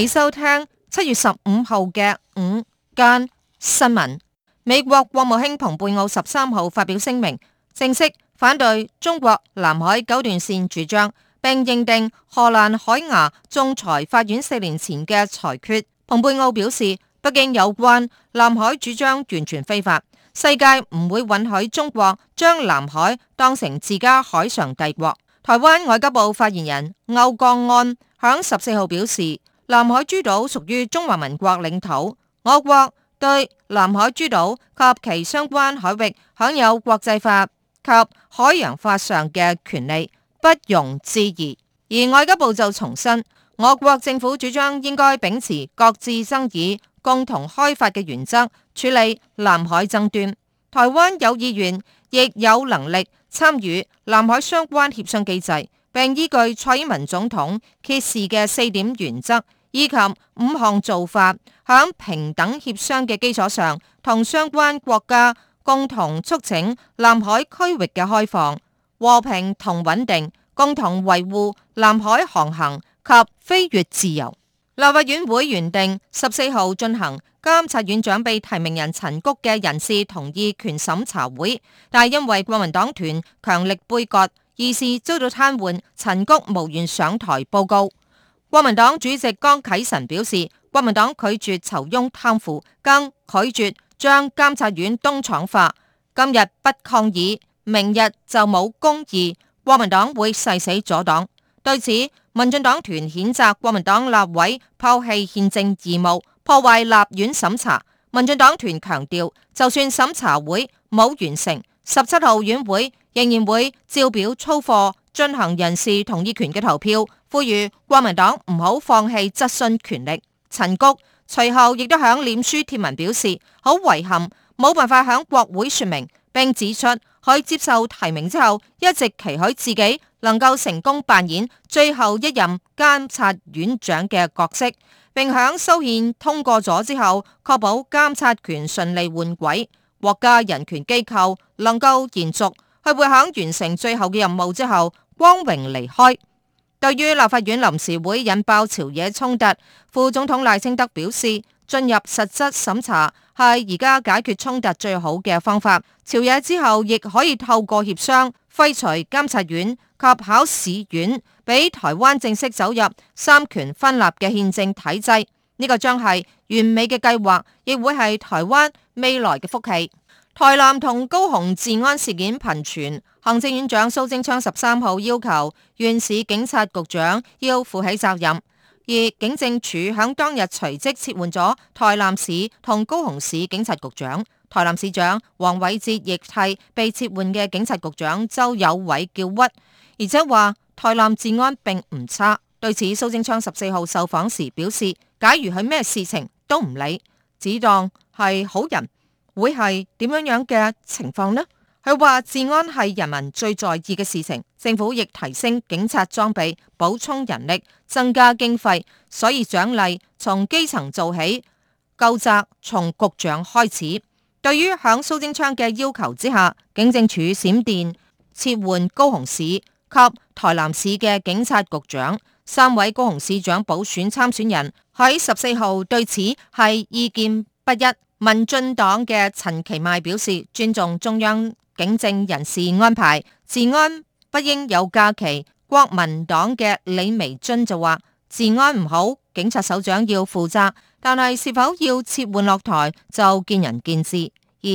你收聽七月十五號嘅午間新聞。美國國務卿蓬佩奧十三號發表聲明，正式反對中國南海九段線主張，並認定荷蘭海牙仲裁法院四年前嘅裁決。蓬佩奧表示，北京有關南海主張完全非法，世界唔會允許中國將南海當成自家海上帝國。台灣外交部發言人歐江安響十四號表示。南海諸島屬於中華民國領土，我國對南海諸島及其相關海域享有國際法及海洋法上嘅權利，不容置疑。而外交部就重申，我國政府主張應該秉持各自爭議、共同開發嘅原則處理南海爭端。台灣有意願，亦有能力參與南海相關協商機制，並依據蔡英文總統揭示嘅四點原則。以及五項做法，響平等協商嘅基礎上，同相關國家共同促請南海區域嘅開放、和平同穩定，共同維護南海航行及飛越自由。立法院會原定十四號進行監察院長被提名人陳菊嘅人事同意權審查會，但因為國民黨團強力杯葛，議事遭到癱瘓，陳菊無緣上台報告。國民黨主席江啟臣表示，國民黨拒絕酬庸貪腐，更拒絕將監察院東廠化。今日不抗議，明日就冇公義。國民黨會誓死阻擋。對此，民進黨團譴責國民黨立委拋棄憲政義務，破壞立院審查。民進黨團強調，就算審查會冇完成，十七號院會仍然會照表操課。進行人事同意權嘅投票，呼籲國民黨唔好放棄質詢權力。陳菊隨後亦都響臉書貼文表示，好遺憾冇辦法向國會說明，並指出佢接受提名之後，一直期許自己能夠成功扮演最後一任監察院長嘅角色，並響修憲通過咗之後，確保監察權順利換軌，國家人權機構能夠延續。佢會肯完成最後嘅任務之後光榮離開。對於立法院臨時會引爆朝野衝突，副總統賴清德表示，進入實質審查係而家解決衝突最好嘅方法。朝野之後亦可以透過協商，廢除監察院及考試院，俾台灣正式走入三權分立嘅憲政體制。呢、這個將係完美嘅計劃，亦會係台灣未來嘅福氣。台南同高雄治安事件頻傳，行政院長蘇貞昌十三號要求縣市警察局長要負起責任，而警政署響當日隨即撤換咗台南市同高雄市警察局長，台南市長黃偉哲亦係被撤換嘅警察局長周友偉叫屈，而且話台南治安並唔差。對此，蘇貞昌十四號受訪時表示：假如佢咩事情都唔理，只當係好人。會係點樣樣嘅情況呢？佢話治安係人民最在意嘅事情，政府亦提升警察裝備、補充人力、增加經費，所以獎勵從基層做起，督責從局長開始。對於響蘇貞昌嘅要求之下，警政署閃電撤換高雄市及台南市嘅警察局長，三位高雄市長補選參選人喺十四號對此係意見不一。民進黨嘅陳其邁表示尊重中央警政人事安排，治安不應有假期。國民黨嘅李眉蓁就話治安唔好，警察首長要負責，但係是，是否要撤換落台就見仁見智。而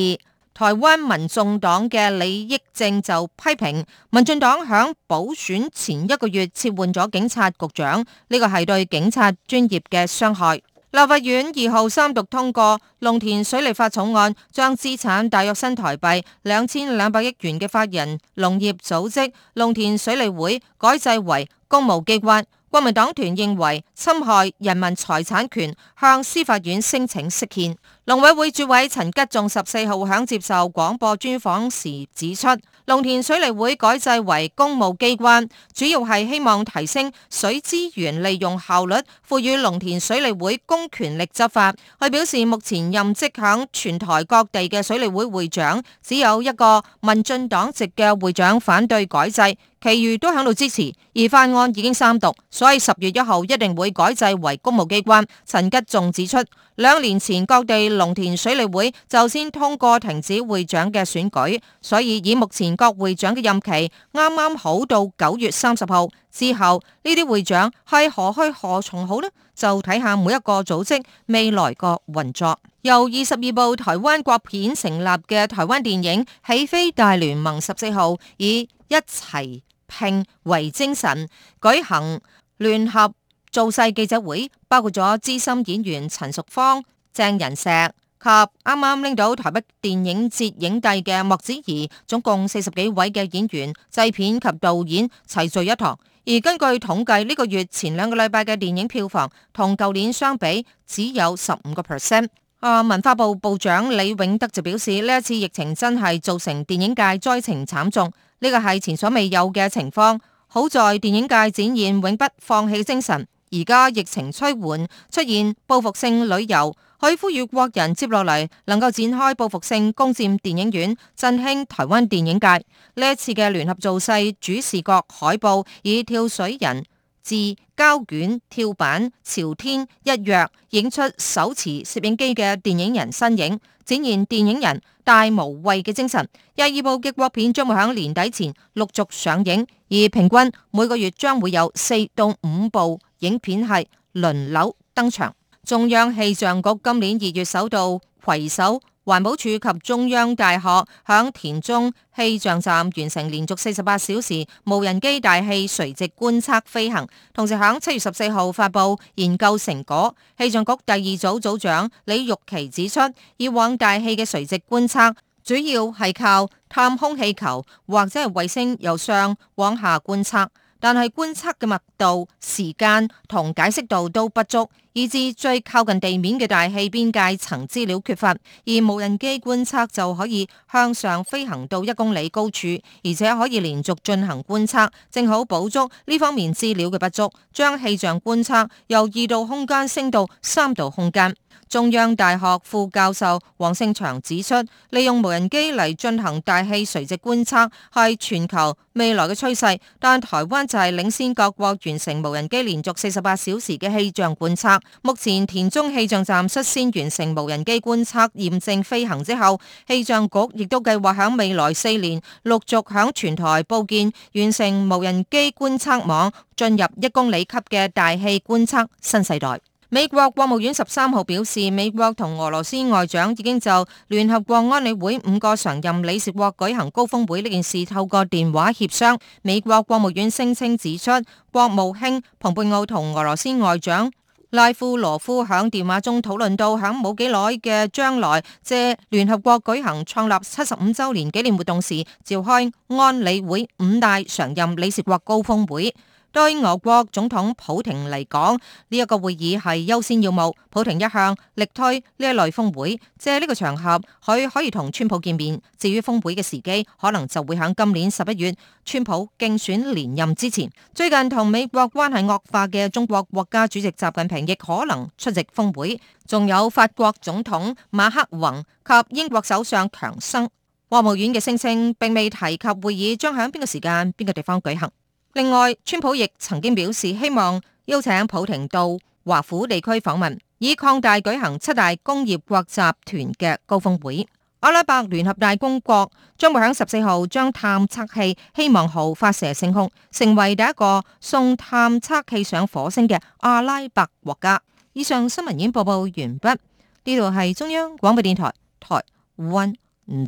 台灣民眾黨嘅吳益政就批評民進黨響補選前一個月撤換咗警察局長，呢個係對警察專業嘅傷害。立法院二號三讀通過《農田水利法》草案，將資產大約新台幣兩千兩百億元嘅法人農業組織《農田水利會》改制為公務機關。國民黨團認為侵害人民財產權，向司法院申請釋憲。農委會主委陳吉仲十四號喺接受廣播專訪時指出，農田水利會改制為公務機關，主要係希望提升水資源利用效率，賦予農田水利會公權力執法。佢表示，目前任職喺全台各地嘅水利會會長，只有一個民進黨籍嘅會長反對改制。其餘都響度支持，而法案已經三讀，所以十月一號一定會改制為公務機關。陳吉仲指出，兩年前各地農田水利會就先通過停止會長嘅選舉，所以以目前各會長嘅任期，啱啱好到九月三十號之後，呢啲會長係何去何從好呢？就睇下每一個組織未來個運作。由二十二部台灣國片成立嘅台灣電影起飛大聯盟十四號，以一齊。聘為精神舉行聯合造勢記者會，包括咗資深演員陳淑芳、鄭人碩及啱啱拎到台北電影節影帝嘅莫子儀，總共四十幾位嘅演員、製片及導演齊聚一堂。而根據統計，呢個月前兩個禮拜嘅電影票房同舊年相比，只有十五個 percent。啊！文化部部長李永得就表示，呢一次疫情真係造成電影界災情慘重，呢個係前所未有嘅情況。好在電影界展現永不放棄精神，而家疫情趨緩，出現報復性旅遊，佢呼籲國人接落嚟能夠展開報復性攻佔電影院，振興台灣電影界。呢一次嘅聯合造勢主視覺海報以跳水人。自膠卷、跳板，朝天一躍，影出手持攝影機嘅電影人身影，展現電影人大無畏嘅精神。廿二部國片將會喺年底前陸續上映，而平均每個月將會有四到五部影片係輪流登場。中央氣象局今年二月首度攜手。環保署及中央大學響田中氣象站完成連續四十八小時無人機大氣垂直觀測飛行，同時響七月十四號發佈研究成果。氣象局第二組組長李玉琦指出，以往大氣嘅垂直觀測主要係靠探空氣球或者係衛星由上往下觀測，但係觀測嘅密度、時間同解釋度都不足。以至最靠近地面嘅大氣邊界層資料缺乏，而無人機觀測就可以向上飛行到一公里高處，而且可以連續進行觀測，正好補足呢方面資料嘅不足，將氣象觀測由二度空間升到三度空間。中央大學副教授黃勝祥指出，利用無人機嚟進行大氣垂直觀測，係全球未來嘅趨勢，但台灣就係領先各國完成無人機連續四十八小時嘅氣象觀測。目前，田中氣象站率先完成無人機觀測驗證飛行之後，氣象局亦都計劃響未來四年陸續響全台布建，完成無人機觀測網，進入一公里級嘅大氣觀測新世代。美國國務院十三號表示，美國同俄羅斯外長已經就聯合國安理會五個常任理事國舉行高峰會呢件事透過電話協商。美國國務院聲稱指出，國務卿蓬佩奧同俄羅斯外長。拉夫羅夫喺電話中討論到，喺冇幾耐嘅將來，借聯合國舉行創立七十五周年紀念活動時，召開安理會五大常任理事國高峰會。對俄國總統普廷嚟講，呢一個會議係優先要務。普廷一向力推呢一類峰會，借呢個場合，佢可以同川普見面。至於峰會嘅時機，可能就會喺今年十一月川普競選連任之前。最近同美國關係惡化嘅中國國家主席習近平亦可能出席峰會，仲有法國總統馬克宏及英國首相強生。國務院嘅聲稱，並未提及會議將喺邊個時間、邊個地方舉行。另外，川普亦曾經表示希望邀請普廷到華府地區訪問，以擴大舉行七大工業國集團嘅高峰會。阿拉伯聯合大公國將會喺十四號將探測器希望號發射升空，成為第一個送探測器上火星嘅阿拉伯國家。以上新聞已經播報完畢。呢度係中央廣播電台台灣吳